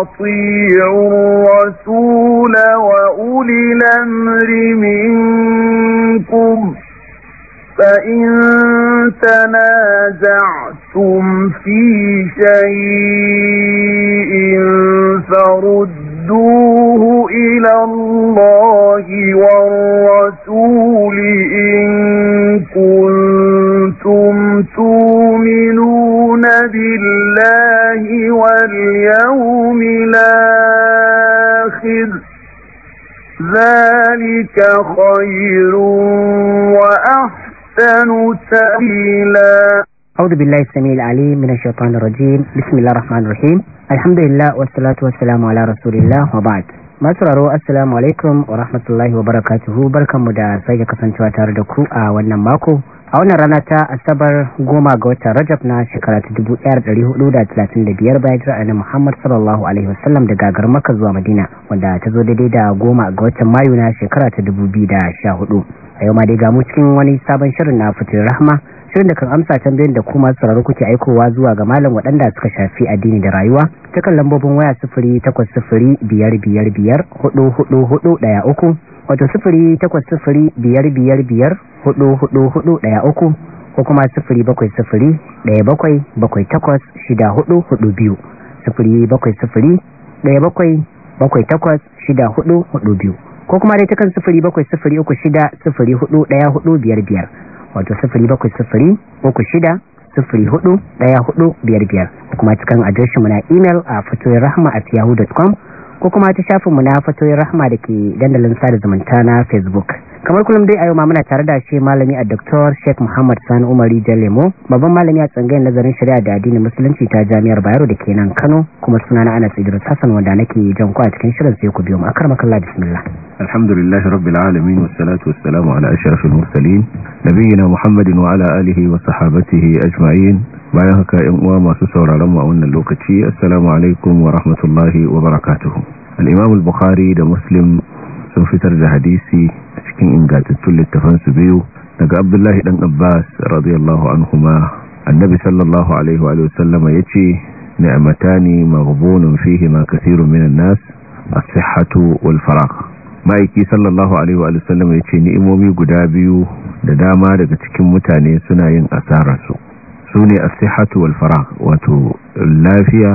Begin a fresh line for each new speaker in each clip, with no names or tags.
أَطِيعُوا الرسول وأولي الأمر منكم فإن تنازعتم في شيء فردوه إلى الله والرسول إن كنتم تؤمنون يؤمنون بالله واليوم الآخر ذلك خير وأحسن تأويلا
أعوذ بالله السميع العليم من الشيطان الرجيم بسم الله الرحمن الرحيم الحمد لله والصلاة والسلام على رسول الله وبعد ما assalamu السلام عليكم ورحمة الله وبركاته بركة مدار سيجا كسان شواتار دكو ku آه، a a wannan rana ta asabar goma ga watan rajab na shekara ta 1435 bayan jira annabi Muhammad sallallahu alaihi wasallam daga garin maka zuwa Madina wanda ta zo daidai da goma ga watan Mayu na shekara ta dubu da 2014 a yau ma dai gamu cikin wani sabon shirin na fitin rahma shirin da kan amsa tambayin da kuma sauraro kuke aikowa zuwa ga malam waɗanda suka shafi addini da rayuwa ta kan lambobin waya takwas biyar biyar biyar hudu hudu hudu uku. wato sifiri takwas sifiri biyar biyar biyar hudu hudu hudu daya uku ko kuma sifiri bakwai sifiri daya bakwai bakwai takwas shida hudu hudu biyu sifiri bakwai sifiri daya bakwai bakwai takwas shida hudu hudu biyu ko kuma dai takan sifiri bakwai sifiri uku shida sifiri hudu daya hudu biyar biyar wato sifiri bakwai sifiri uku shida sifiri hudu daya hudu biyar biyar ko kuma cikin adireshin mu muna imel a fatoyin rahama at yahoo.com ko kuma ta mu na fatoyin rahama da ke dandalin sada zumunta na facebook kamar kullum dai a yau ma muna tare da shi malami a Dr. Sheikh Muhammad Sani Umari Jalemo babban malami a tsangayin nazarin shari'a da addinin musulunci ta Jami'ar Bayero da ke nan Kano kuma sunana Anas Idris Hassan wanda nake jan ku a cikin shirin sai ku biyo mu akramakallah bismillah
alhamdulillahi rabbil alamin wassalatu wassalamu ala ashrafil mursalin nabiyina Muhammadin wa ala alihi wa sahbatihi ajma'in bayan haka yan uwa masu sauraron mu a wannan lokaci assalamu alaikum wa rahmatullahi wa al-imam al-bukhari da muslim sun fitar da hadisi a cikin ingantattun littafan su biyu daga abdullahi dan abbas radiyallahu anhuma annabi sallallahu alaihi wa sallama yace ni'matani maghbunun fihi ma kathirun minan nas as-sihhatu wal faragh ma'aiki sallallahu alaihi wa sallam ya ce ni'imomi guda biyu da dama daga cikin mutane suna yin asararsu sune as-sihhatu wal faragh wato lafiya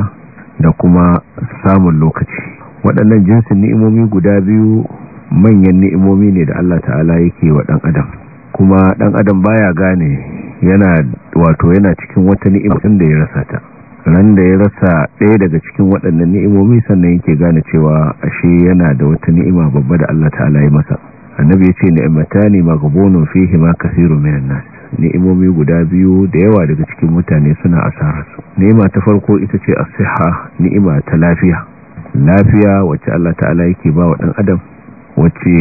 da kuma samun lokaci waɗannan jinsin ni'imomi guda biyu manyan ni'imomi ne da Allah ta'ala yake wa dan adam kuma dan adam baya gane yana wato yana cikin wata ni'ima inda ya rasa ta ran da ya rasa ɗaya daga cikin waɗannan ni'imomi sannan yake gane cewa ashe yana da wata ni'ima babba da Allah ta'ala ya masa annabi ya ce ni'matani maghbunun fihi ma kaseerun minan nas ni'imomi guda biyu da yawa daga cikin mutane suna asararsu ni'ima ta farko ita ce a siha ni'ima ta lafiya lafiya wacce Allah ta'ala yake ba wa ɗan adam wacce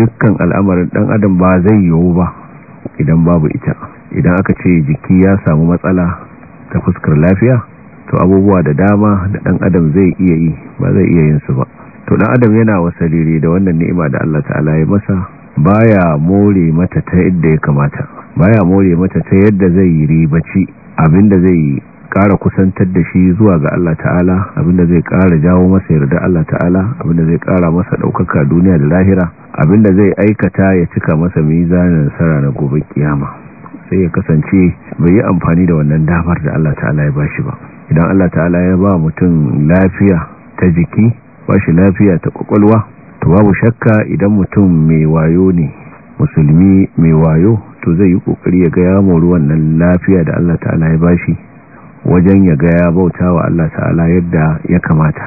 dukkan al'amarin ɗan adam ba zai yiwu ba idan babu ita idan aka ce jiki ya samu matsala ta fuskar lafiya to abubuwa da dama da ɗan adam zai iya yi ba zai iya yin su ba to ɗan adam yana wasaliri da wannan ni'ima da Allah ta'ala ya masa baya more mata ta yadda ya kamata baya more mata ta yadda zai yi ribaci abinda zai kara kusantar da shi zuwa ga Allah ta'ala abinda zai kara jawo masa yarda Allah ta'ala abinda zai kara masa daukaka duniya da lahira abinda zai aikata ya cika masa mizanin sara na gobe kiyama sai ya kasance bai yi amfani da wannan damar da Allah ta'ala ya bashi ba idan Allah ta'ala ya ba mutum lafiya ta jiki ba shi lafiya ta kwakwalwa to babu shakka idan mutum mai wayo ne musulmi mai wayo to zai yi kokari ya ga ya mori wannan lafiya da Allah ta'ala ya bashi wajen ya ga ya bauta wa Allah ta'ala yadda ya kamata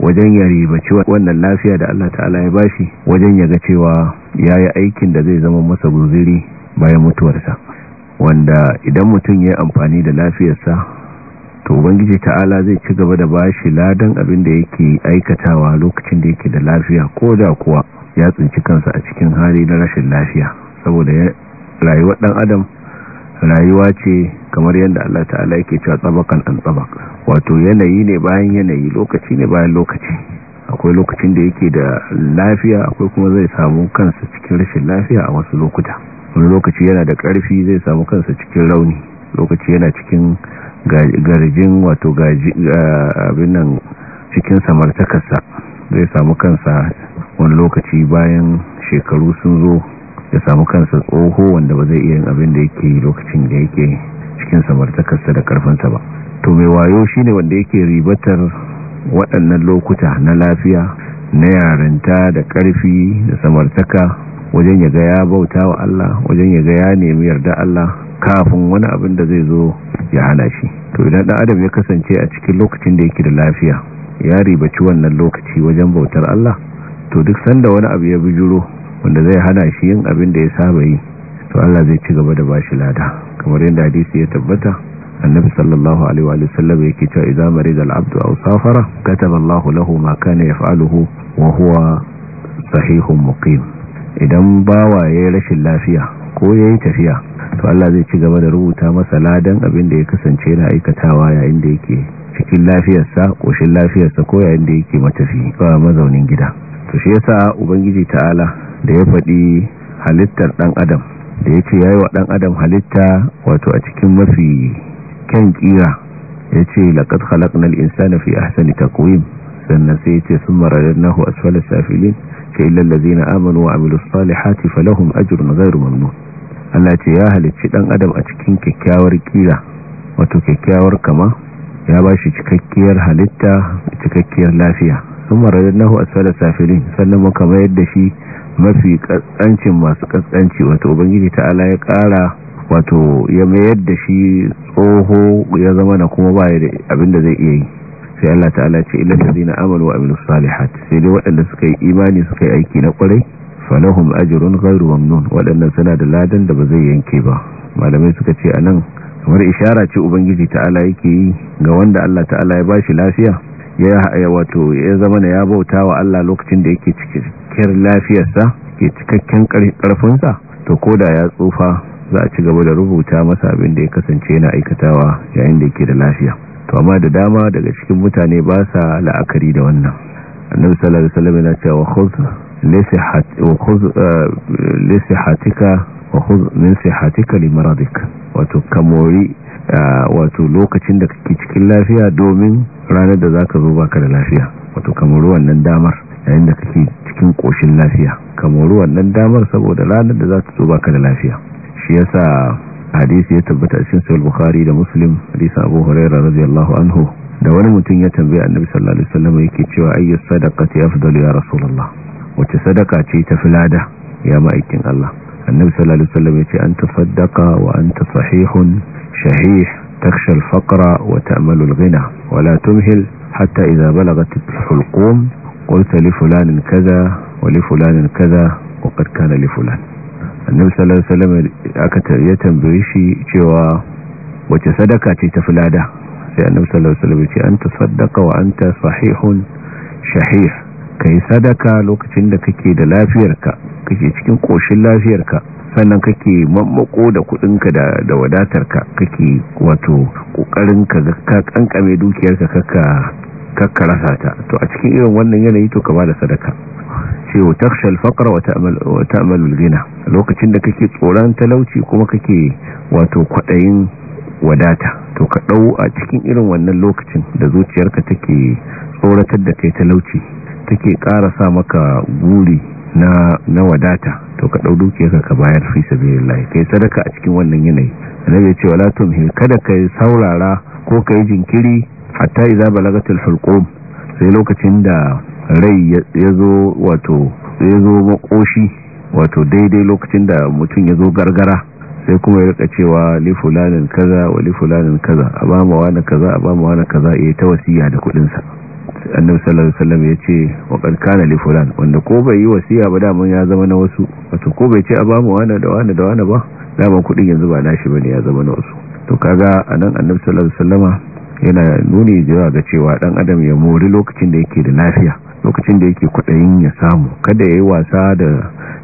wajen ya ribaci wannan lafiya da Allah ta'ala ya bashi wajen ya ga cewa ya yi aikin da zai zama masa guziri bayan mutuwarsa wanda idan mutum ya amfani da lafiyarsa to ubangiji ta'ala zai ci gaba da bashi ladan abin da yake aikatawa lokacin da yake da lafiya ko da kuwa ya tsinci kansa a cikin hali na rashin lafiya saboda rayuwar dan adam rayuwa ce kamar yadda Allah ta'ala yake cewa tsabakan an tsabak wato yanayi ne bayan yanayi lokaci ne bayan lokaci akwai lokacin da yake da lafiya akwai kuma zai samu kansa cikin rashin lafiya a wasu lokuta wani lokaci yana da karfi zai samu kansa cikin rauni lokaci yana cikin garjin wato abin nan cikin samartakarsa zai samu kansa wani lokaci bayan shekaru sun zo ya samu kansa tsoho wanda ba zai iya yin abin da yake lokacin da yake cikin samartakarsa da karfinsa ba to mai wayo shi ne wanda yake ribatar waɗannan lokuta na lafiya na yarinta da ƙarfi da samartaka wajen ya ga ya bauta wa Allah wajen ya ga ya nemi yarda Allah kafin wani abin da zai zo ya hana shi to idan ɗan adam ya kasance a cikin lokacin da yake da lafiya ya ribaci wannan lokaci wajen bautar Allah to duk sanda wani abu ya bijiro wanda zai hana shi yin abin da ya saba yi to Allah zai ci gaba da bashi lada kamar yadda hadisi ya tabbata annabi sallallahu alaihi wa sallam yake cewa idan marid al abd aw safara kataba Allah lahu ma kana yaf'aluhu wa huwa sahihun muqim idan bawa yayi rashin lafiya ko yayin tafiya to Allah zai ci gaba da rubuta masa ladan abin da ya kasance yana aikatawa yayin da yake cikin lafiyarsa ƙoshin lafiyarsa ko yayin da yake matafi ba mazaunin gida to shi yasa ubangiji ta'ala da ya faɗi halittar ɗan adam da ya ce ya yi wa ɗan adam halitta wato a cikin mafi kyan ƙira ya ce laƙad halaƙunan insana fi ahsani takwim sannan sai ya ce sun mararar nahu asfalar safilin ka illallazi na amanu wa amilu salihati falahum ajrun ghairu mamnun Allah ce ya halicci dan adam a cikin kyakkyawar ƙira wato kyakkyawar kama ya ba shi cikakkiyar halitta cikakkiyar lafiya sun marar nahu da safirin sannan muka mayar da shi mafi kaskancin masu katsanci wato ubangiji ta'ala ya kara wato ya mayar da shi tsoho ya zama na kuma baya da abinda zai iya yi sai Allah ta'ala ce illal na amanu wa minus salihat sai dai waɗanda suka yi imani suka yi aiki na kwarai falahum wani ghairu mamnun waɗannan suna da ladan da ba zai yanke ba malamai suka ce a nan. kamar ishara ce ubangiji ta'ala yake yi ga wanda Allah ta'ala ya bashi lafiya ya wato ya zama na ya bauta wa Allah lokacin da yake cikakken lafiyarsa ke cikakken karfinsa to koda ya tsufa za a ci gaba da rubuta masa abin da ya kasance yana aikatawa yayin da yake da lafiya to amma da dama daga cikin mutane ba sa la'akari da wannan annabi sallallahu alaihi wasallam yana wa khudh eh, lisihatika wa khudh min sihatika li wato kamori wato lokacin da kake cikin lafiya domin ranar da zaka zo baka da lafiya wato kamori wannan damar yayin da kake cikin koshin lafiya kamori wannan damar saboda ranar da zaka zo baka da lafiya shi yasa hadisi ya tabbata cikin sahih bukhari da muslim hadisi abu hurairah radiyallahu anhu da wani mutum ya tambaye annabi sallallahu alaihi wasallam yake cewa ayyu sadaqati afdalu ya rasulullah wace sadaka ce ta filada ya ma'aikin Allah النبي صلى الله عليه وسلم يتي أن تصدق وأنت صحيح شحيح تخشى الفقر وتأمل الغنى ولا تمهل حتى إذا بلغت الحلقوم قلت لفلان كذا ولفلان كذا وقد كان لفلان النبي صلى الله عليه وسلم يتم بريشي جوا وتصدق تتفلادة النبي صلى الله عليه وسلم يتي أن تصدق وأنت صحيح شحيح ka yi sadaka lokacin da kake da lafiyarka kake cikin koshin lafiyarka sannan kake mammako da kudinka da wadatarka kake wato kokarin ka ka kankame dukiyarka kaka rasa ta to a cikin irin wannan yanayi to ka ba da sadaka ce wa taksha alfaqra wa ta'mal wa ta'mal lokacin da kake tsoron talauci kuma kake wato kwadayin wadata to ka dau a cikin irin wannan lokacin da zuciyarka take tsoratar da kai talauci take ƙara sa maka buri na na wadata to ka dau dukiyarka ka bayar fi sabilillah kai sadaka a cikin wannan yanayi annabi ya ce wala tumhil kada kai saurara ko kai jinkiri hatta idza balagatul hulqum sai lokacin da rai ya zo wato ya zo makoshi wato daidai lokacin da mutum ya zo gargara sai kuma ya rika cewa li fulanin kaza wa li fulanin kaza a wani kaza a wani kaza iya ta da da sa annabi sallallahu alaihi wasallam yace wa qad kana li fulan wanda ko bai yi wasiya ba daman ya zama na wasu wato ko bai ce a ba mu wani da wani da wani ba daman kudin yanzu ba nashi bane ya zama na wasu to kaga anan annabi sallallahu alaihi wasallama yana nuni jira ga cewa dan adam ya mori lokacin da yake da lafiya lokacin da yake kudin ya samu kada yayi wasa da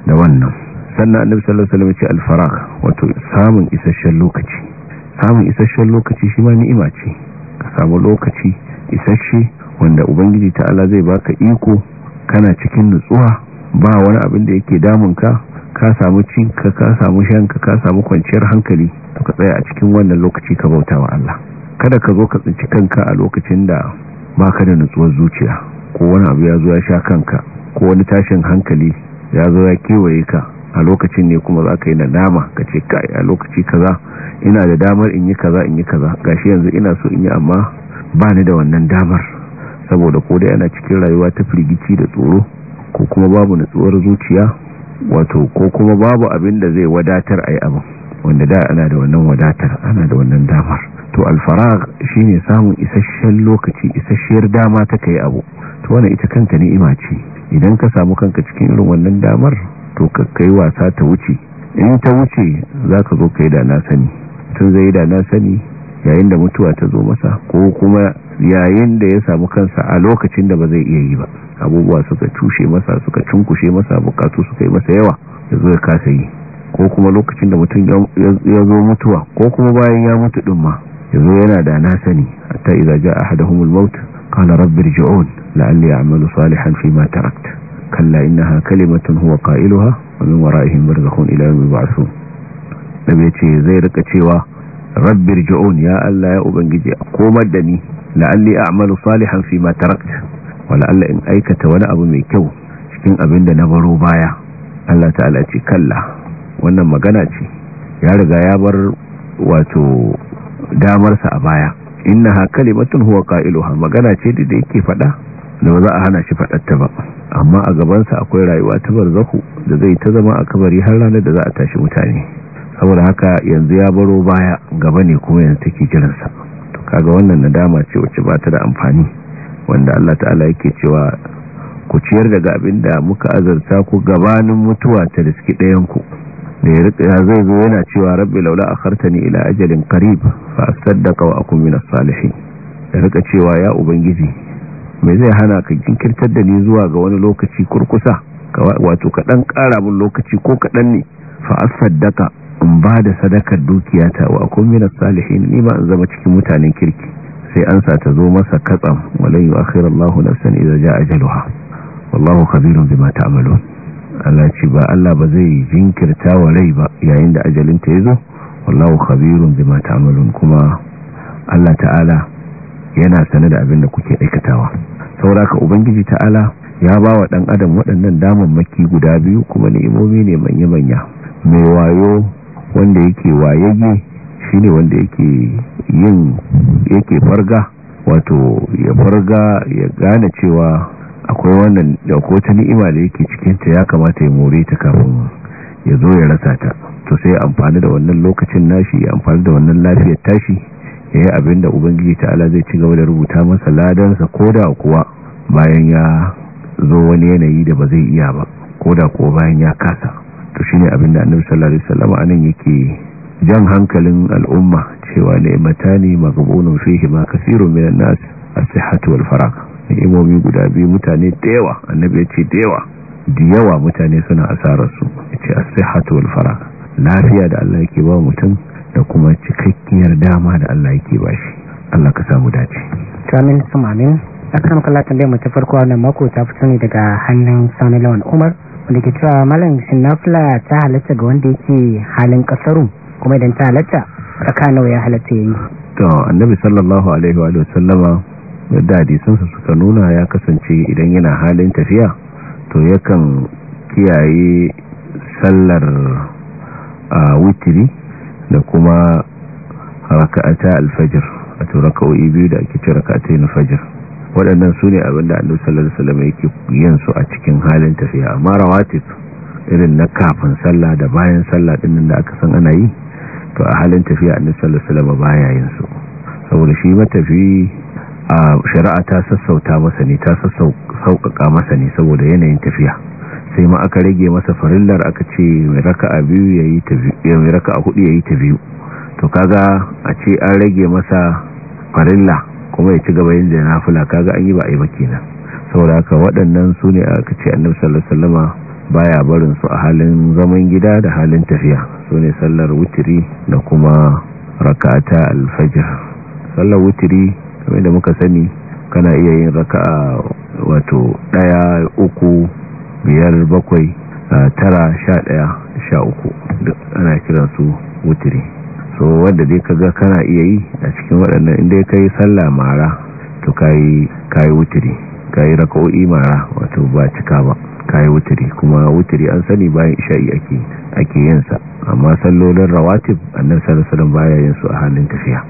da wannan sannan annabi sallallahu alaihi wasallam ya ce al-faragh wato samun isasshen lokaci samun isasshen lokaci shi ma ni'ima ce ka samu lokaci isasshe wanda ubangiji ta ta'ala zai baka iko kana cikin nutsuwa ba wani abin da yake damunka ka samu cinka ka samu shanka ka samu kwanciyar hankali to ka tsaya a cikin wannan lokaci ka bauta wa Allah kada ka zo ka tsinci kanka a lokacin da baka da nutsuwar zuciya ko wani abu ya zo ya sha kanka ko wani tashin hankali ya zo ya kewaye ka a lokacin ne kuma za ka yi nadama ka ce kai a lokaci kaza ina da damar in yi kaza in yi kaza gashi yanzu ina so in yi amma ba ni da wannan damar saboda ko dai ana cikin rayuwa ta firgici da tsoro ko kuma babu natsuwar zuciya wato ko kuma babu abin da zai wadatar a yi abin wanda da ana da wannan wadatar ana da wannan damar to alfarag shine samun isasshen lokaci isasshiyar dama ta kai abu to wannan ita kanta ima ce idan ka samu kanka cikin irin wannan damar to ka kai wasa ta wuce in ta wuce za ka zo ka yi da na sani tun zai yi da na sani yayin da mutuwa ta zo masa ko kuma yayin da ya samu kansa a lokacin da ba zai iya yi ba abubuwa suka tushe masa suka cunkushe masa bukatu suka yi masa yawa ya zo ya kasa yi ko kuma lokacin da mutum ya zo mutuwa ko kuma bayan ya mutu din ma ya zo yana da na sani hatta iza ja ahaduhumul maut qala rabbi rji'un la'alli a'malu salihan ma tarakt kalla innaha kalimatun huwa qailuha wa min wara'ihim barzakhun ila yawmi yub'athun da ce zai rika cewa rabbi rji'un ya Allah ya ubangiji a komar da ni la'alli a'malu salihan fi ma tarakta wala Allah in aikata wani abu mai kyau cikin abin da na baro baya Allah ta'ala ce kalla wannan magana ce ya riga ya bar wato damarsa a baya innaha kalimatun huwa qailuha magana ce da yake fada da ba za a hana shi faɗatta ba amma a gaban sa akwai rayuwa ta barzahu da zai ta zama a kabari har ranar da za a tashi mutane saboda haka yanzu ya baro baya gaba ne kuma yanzu take jiransa kaga wannan nadama ce wacce ba ta da amfani wanda Allah ta'ala yake cewa ku ciyar daga abin da muka azarta ku gabanin mutuwa ta riski ɗayanku da ya rika zai zo yana cewa rabbi laula a akhartani ila ajalin qarib fa asaddaqa wa akun minas salihin da rika cewa ya ubangiji me zai hana ka jinkirtar da ni zuwa ga wani lokaci kurkusa wato kaɗan ƙara mun lokaci ko kaɗan ne fa asaddaka in ba da sadakar dukiyata wa akun minas salihin ni ba in zama cikin mutanen kirki sai an sa ta zo masa katsam walai yu akhirallahu nafsan idza jaa ajaluha wallahu khabirun bima ta'malun Allah ce ba Allah ba zai jinkirta wa rai ba yayin da ajalin ta yazo wallahu khabirun bima ta'malun kuma Allah ta'ala yana sane da abin da kuke aikatawa sauraka ubangiji ta'ala ya ba wa dan adam waɗannan damammaki guda biyu kuma imomi ne manya-manya mai wayo wanda yake wayayye ne wanda yake yin yake farga wato ya farga ya gane cewa akwai wannan da ta ni'ima da yake cikin ta ya kamata ya more ta kafin ya zo ya rasa ta to sai amfani da wannan lokacin nashi ya amfani da wannan lafiyar tashi ya yi abin da ubangiji ta'ala zai ci gaba da rubuta masa ladansa ko da kuwa bayan ya zo wani yanayi da ba zai iya ba ko da kuwa bayan ya kasa to shine abin da annabi sallallahu alaihi wasallam anan yake jan hankalin al'umma cewa ni'matani maghbunun fihi ma kaseerun minan nas as-sihhatu wal farag ni'imomi guda biyu mutane da yawa annabi ya ce da yawa da yawa mutane suna asarar su yace as-sihhatu wal farag lafiya da Allah yake ba mutum da kuma cikakkiyar dama da Allah yake ba shi Allah ka samu dace
amin sumamin akan kallatan bai mu ta farko wannan mako ta fito ne daga hannun Sani Lawan Umar wanda cewa malam shin ta halatta ga wanda yake halin kasaru kuma idan ta halatta raka ya halatta yayi
to annabi sallallahu alaihi wa sallama yadda hadisansa suka nuna ya kasance idan yana halin tafiya to yakan kiyaye sallar a witiri da kuma raka'ata alfajir a raka'o'i biyu da ake ce raka'atai na fajir waɗannan su ne abinda annu sallallahu alaihi yake yin su a cikin halin tafiya amma rawatib irin na kafin sallah da bayan sallah din da aka san ana yi to a halin tafiya annu sallallahu alaihi baya yin su saboda shi matafi a shari'a ta sassauta masa ne ta sassauƙaƙa masa ne saboda yanayin tafiya sai ma aka rage masa farillar aka ce mai raka'a biyu yayi ta biyu mai raka'a ta biyu to kaga a ce an rage masa farilla kuma ya ci gaba yin jana fula kaga an yi ba a yi ba kenan waɗannan su ne a kace annabi sallallahu alaihi wasallama baya barin su a halin zaman gida da halin tafiya su ne sallar wutiri da kuma raka'ata alfajar sallar wutiri kamar da muka sani kana iya yin raka'a wato ɗaya uku biyar bakwai tara sha ɗaya sha uku duk ana kiransu wutiri so wanda dai kaga kana iya yi a cikin waɗannan inda ya kai sallah mara to kayi kayi wutiri kayi raka'o'i mara wato ba cika ba kayi wuturi kuma wuturi an sani bayan isha'i ake ake yin amma sallolin rawatib annabi sallallahu baya yin
su a halin tafiya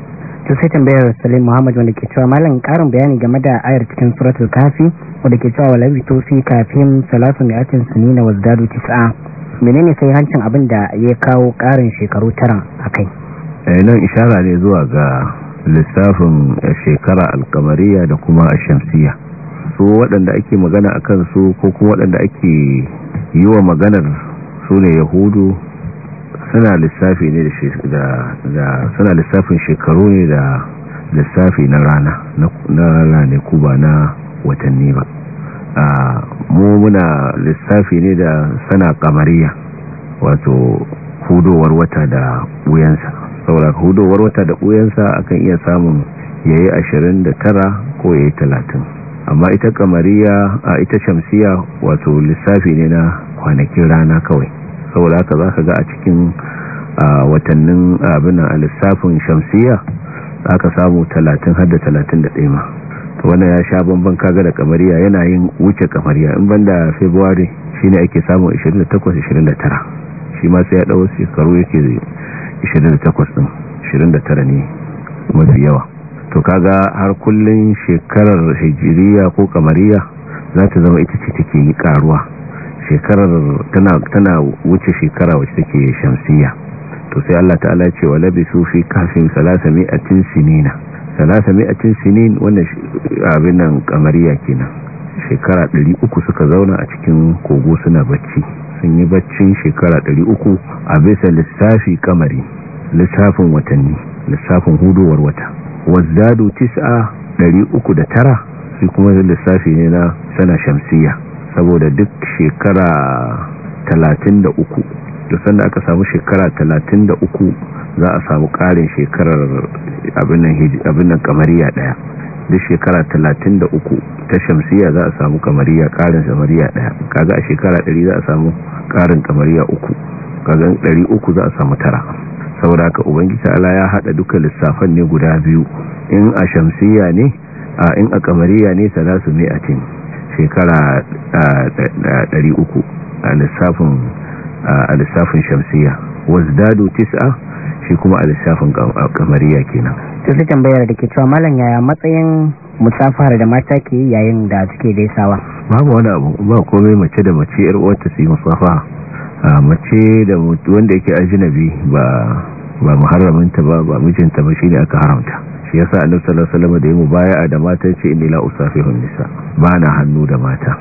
to sai tambayar Salim Muhammad wanda ke cewa malam karin bayani game da ayar cikin suratul kafi wanda ke cewa walabi to fi kafin salatu na sunina wazdadu tis'a menene sai hancin abin da ya kawo karin shekaru tara kai.
Eh, nan ishara ne zuwa ga lissafin eh, shekara alkamariya da kuma a shamsiya su waɗanda ake magana a kansu ko kuma waɗanda ake yi wa maganar su ne yahudu suna lissafi lissafin shekaru ne da lissafi na rana na rana ne ba na watanni ba a ah, mu muna lissafi ne da sana kamariya wato hudowar wata da wuyansa saura hudowar wata da ɓuyansa akan iya samun ya yi ashirin da tara ko ya yi talatin amma ita kamariya a ita shamsiya wato lissafi ne na kwanakin rana kawai saboda haka za ka ga a cikin watannin abinan a lissafin shamsiya za ka samu talatin har da talatin da ɗaya ta wannan ya sha banban kaga da kamariya yana yin wuce kamariya in banda shi shine ake samun 28 29 shi ma sai ya ɗau shekaru yake 28 din 29 ne mafi yawa to kaga har kullun shekarar hijiriya ko kamariya za ta zama ita ce take yi karuwa shekarar tana wuce shekara wacce take shamsiya to sai Allah ta'ala ce wa labisu fi kafin 300 sinina 300 sinin wannan abin nan kamariya kenan shekara 300 suka zauna a cikin kogo suna bacci sun yi baccin shekara 300 a bisa lissafi kamari lissafin watanni lissafin hudowar wata wazdadu tis'a tara su kuma zai lissafi ne na sana shamsiya saboda duk shekara 33 da sanda aka samu shekara 33 za a samu ƙarin shekarar abinan kamariya ɗaya. da shekara 33 ta shamsiya za a samu kamariya karin samariya daya kaga a shekara 100 za a samu karin kamariya uku kaga 300 za a samu tara saboda haka ubangiji Allah ya hada duka lissafan ne guda biyu in a shamsiya ne a in a kamariya ne salasu mi'atin shekara 300 a lissafin a lissafin shamsiya wazdadu tis'a shi kuma a lissafin kamariya kenan
to sai tambayar da ke cewa malam yaya matsayin musafahar da mata ke yayin da suke gaisawa
babu wani abu ba komai mace da mace yar uwarta su yi musafaha mace da wanda yake ajnabi ba ba muharraminta ba ba mijinta ba shine aka haramta shi yasa annabi sallallahu alaihi wasallam da ya mubaya'a da mata ce inna la usafihun nisa ba na hannu da mata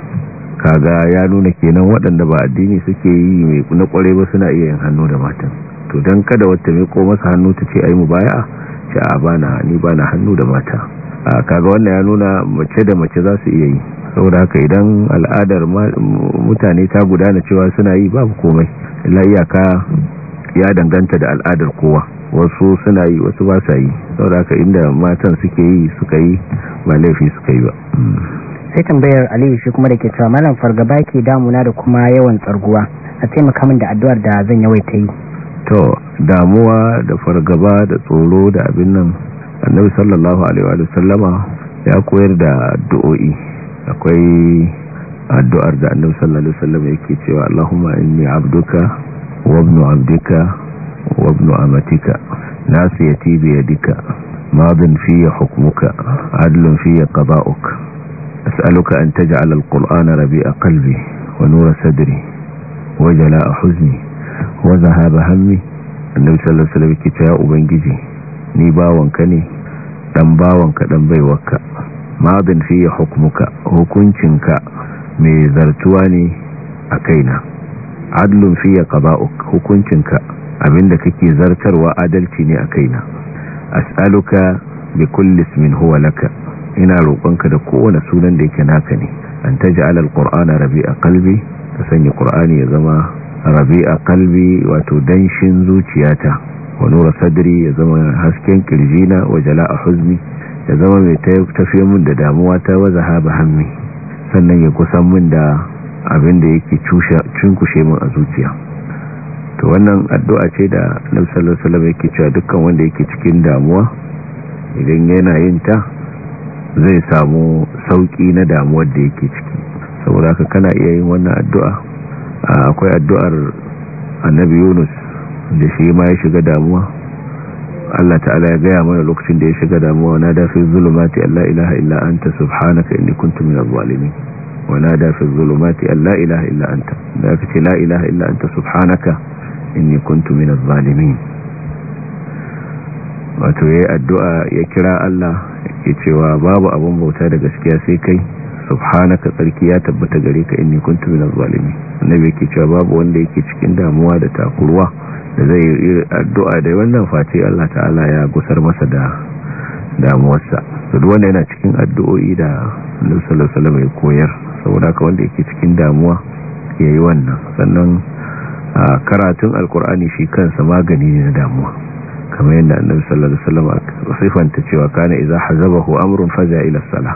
kaga ya nuna kenan waɗanda ba addini suke yi mai na ƙware ba suna iya yin hannu da matan to don kada wata mai ko masa hannu ta ce yi mu baya ce a na ni na hannu da mata kaga wannan ya nuna mace da mace za su iya yi saboda haka idan al'adar mutane ta gudana cewa suna yi babu komai layyaka ya danganta da al'adar kowa wasu suna yi wasu ba sa yi saboda haka inda matan suke yi suka yi ba laifi suka yi ba
hmm. sai tambayar aliyu shi kuma da ke cewa malam fargaba ke damuna da kuma yawan tsarguwa a taimaka min da addu'ar da zan yawai ta yi
to damuwa da fargaba da tsoro da abin nan annabi sallallahu alaihi wa sallama ya koyar da addu'o'i akwai addu'ar da annabi sallallahu alaihi wa sallama yake cewa Allahumma inni abduka wa ibnu abdika wa ibnu amatika nasiyati bi yadika madin fi hukmuka adlun fi qada'uka أسألك أن تجعل القرآن ربيع قلبي ونور صدري وجلاء حزني وذهاب همي النبي صلى الله عليه وسلم كتاء بنجي ni bawanka ne dan bawanka dan baiwarka madin fi hukmuka ka mai zartuwa ne a kaina adlun fi qada'uk hukuncinka abinda kake zartarwa adalci ne a kaina as'aluka bi kulli ismin huwa ina roƙonka da kowane sunan da yake naka ne an taj'ala rabi rabi'a qalbi ta sanya qur'ani ya zama rabi'a qalbi wato danshin zuciyata wa nura sadri ya zama hasken kirjina wa jala'a huzni ya zama mai tafiye mun da damuwa ta wa zahaba hammi sannan ya kusan mun da abin da yake cunkushe min a zuciya to wannan addu'a ce da nabi sallallahu alaihi wasallam yake cewa dukkan wanda yake cikin damuwa idan yana yin ta zai samu sauki na damuwar da yake ciki saboda haka kana iya yin wannan addu'a akwai addu'ar annabi yunus da shi ma ya shiga damuwa Allah ta'ala ya gaya mana lokacin da ya shiga damuwa na da fi zulumati Allah ilaha illa anta subhanaka inni kuntu minaz zalimin wa na da fi zulumati Allah ilaha illa anta da ka ce la ilaha illa anta subhanaka inni kuntu minaz zalimin wato yayi addu'a ya kira Allah ke cewa babu abun bauta da gaskiya sai kai subhanaka tsarki ya tabbata gare ka inni kuntu minaz na annabi yake cewa babu wanda yake cikin damuwa da takurwa da zai yi addu'a da wannan face Allah ta'ala ya gusar masa da damuwarsa duk wanda yana cikin addu'o'i da Annabi sallallahu alaihi wasallam koyar saboda ka wanda yake cikin damuwa yayi wannan sannan karatun alkur'ani shi kansa magani ne na damuwa kamar yadda annabi sallallahu alaihi wasallam sifanta cewa kana idza hazabahu amrun faza ila salah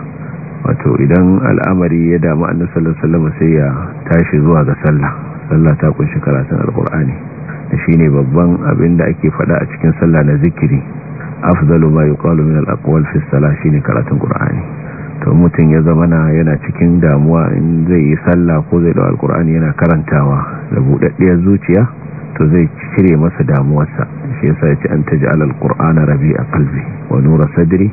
wato idan al'amari ya damu annabi sallallahu alaihi wasallam sai ya tashi zuwa ga sallah sallah ta kunshi karatun alqur'ani shine babban abin da ake fada a cikin sallah na zikiri afdalu ma yuqalu min alaqwal fi salah shine karatun qur'ani to mutum ya zama yana cikin damuwa in zai yi sallah ko zai dau alqur'ani yana karantawa da budaddiyar zuciya to zai cire masa damuwarsa shi yasa ya an taj'al al-qur'ana rabi'a qalbi wa nura sadri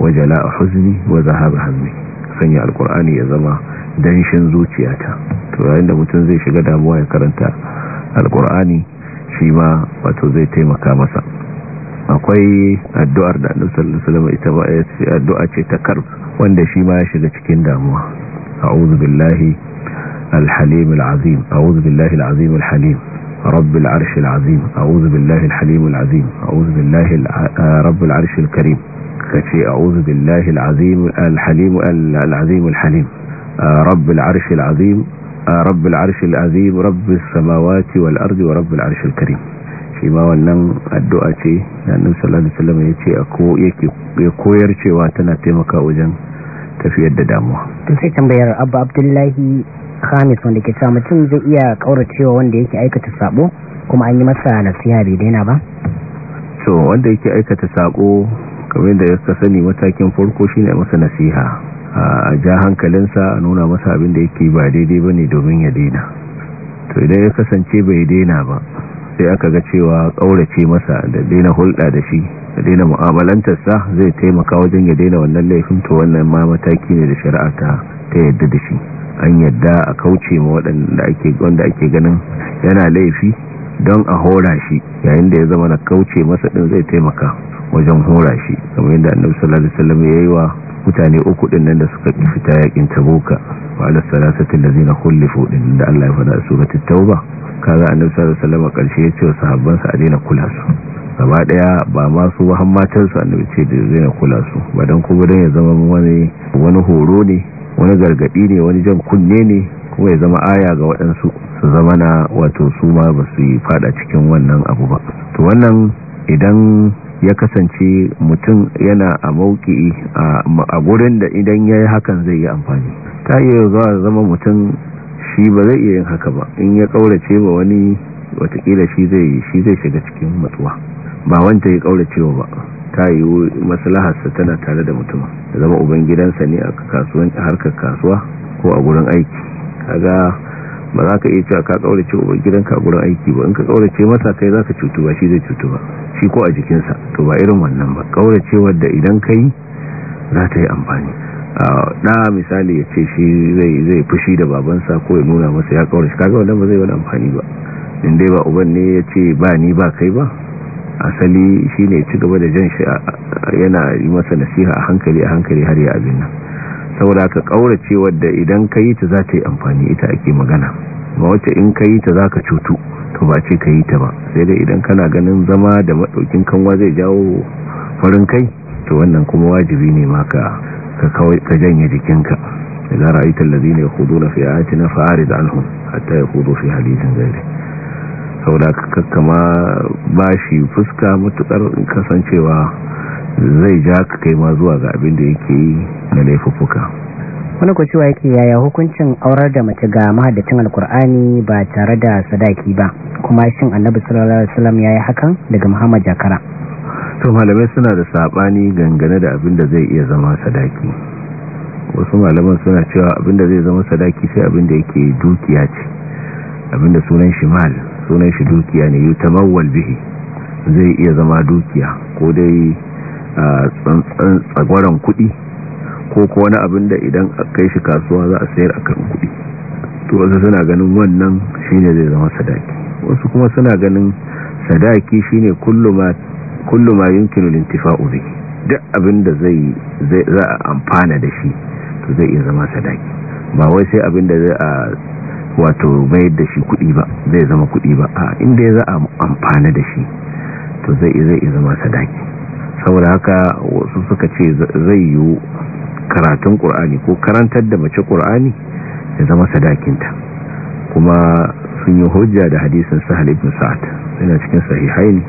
wa jala'a huzni wa zahaba hammi sanya al-qur'ani ya zama danshin zuciyata to yayin da mutum zai shiga damuwa ya karanta al-qur'ani shi ma wato zai taimaka masa akwai addu'ar da Annabi sallallahu alaihi wasallam ita ba ce addu'a ce ta karb wanda shi ma ya shiga cikin damuwa a'udhu billahi al-halim al-azim a'udhu billahi al-azim al-halim رب العرش العظيم أعوذ بالله الحليم العظيم أعوذ بالله رب العرش الكريم كشي أعوذ بالله العظيم الحليم العظيم الحليم رب العرش العظيم رب العرش العظيم رب السماوات والأرض ورب العرش الكريم shi ma wannan addu'a ce da annabi sallallahu alaihi wasallam yace a ko yake ya koyar cewa tana taimaka wajen tafiyar da damuwa
to sai tambayar abba abdullahi khamis wanda ke cewa mutum zai iya kauracewa wanda yake aikata sabo kuma an yi masa nasiha bai daina ba
to wanda yake aikata sabo kamar da ya sani matakin farko shine masa nasiha a ja hankalinsa a nuna masa abin da yake ba daidai ba ne domin ya daina to idan ya kasance bai daina ba sai aka ga cewa ƙaurace masa da daina hulɗa da shi da daina mu'amalantarsa zai taimaka wajen ya daina wannan laifin to wannan ma mataki ne da shari'a ta yadda da shi an yadda a kauce ma waɗanda ake wanda ake ganin yana laifi don a hora shi yayin da ya zama na kauce masa din zai taimaka wajen hora shi kamar yadda annabi sallallahu alaihi wasallam yi wa mutane uku din nan da suka fita yakin tabuka wa ala salasati allazina khulifu din da Allah ya faɗa suratul tauba kaga annabi sallallahu alaihi wasallam karshe ya ce wa sahabbansa a daina kula su gaba daya ba ma su ba hammatan su annabi ce da daina kula su ba dan kuma dan ya zama wani horo ne wani gargadi ne wani jan kunne ne kuma ya zama aya ga waɗansu su zama na wato su ma ba su yi fada cikin wannan abu ba to wannan idan ya kasance mutum yana a mauki a gurin da idan ya yi hakan zai yi amfani ta yi zama mutum shi ba zai iya yin haka ba in ya kaurace ba wani watakila shi zai shi zai shiga cikin matsuwa ba wanda ya kaurace ba ta yi maslaharsa tana tare da mutum zama gidansa ne a kasuwan harkar kasuwa ko a gurin aiki kaga ba za ka iya cewa ka kaurace gidanka a gurin aiki ba in ka kaurace masa kai za ka cutu ba shi zai cutu ba shi ko a jikinsa to ba irin wannan ba kaurace wadda idan ka yi za ta yi amfani na misali ya ce shi zai fushi da babansa ko ya nuna masa ya kawar shi kaga wannan ba zai wani amfani ba inda ba uban ne ya ce ba ni ba kai ba asali shi ne ci gaba da jan shi yana yi masa nasiha a hankali a hankali har ya abin nan saboda ka kaurace wadda idan ka yi ta za ta yi amfani ita ake magana ba wacce in ka yi ta za ka cutu to ba ce ka yi ta ba sai dai idan kana ganin zama da maɗaukin kanwa zai jawo farin kai to wannan kuma wajibi ne maka ka kawai ka janye jikinka idza ra'aita alladhina yakhuduna fi ayatina fa'rid anhum hatta yakhudu fi hadithin ghayri saboda kakkama bashi fuska matuƙar kasancewa zai ja ka kai ma zuwa ga abin da yake yi na laifuffuka
wani ku cewa yake yaya hukuncin aurar da mace ga mahaddacin alkur'ani ba tare da sadaki ba kuma shin annabi sallallahu alaihi wasallam yayi hakan daga muhammad jakara to
malamai suna da sabani gangane da abin da zai iya zama sadaki wasu malaman suna cewa abin da zai zama sadaki sai abin da yake dukiya ce abin da sunan shi mal sunan shi dukiya ne yutamawwal bihi zai iya zama dukiya ko dai tsagwaron kudi ko ko wani abin da idan a kai shi kasuwa za a sayar a kan kudi to wasu suna ganin wannan shine zai zama sadaki wasu kuma suna ganin sadaki shine kullum kullu ma yumkinu lintifa'u bihi duk abinda zai zai za a amfana da shi to zai iya zama sadaki ba wai sai abinda zai a wato bayar da shi kudi ba zai zama kudi ba a inda za a amfana da shi to zai iya zama sadaki saboda haka wasu suka ce zai yiwu karatun qur'ani ko karantar da mace qur'ani ya zama sadakinta kuma sun yi hujja da hadisin sahih ibn sa'ad yana cikin sahihaini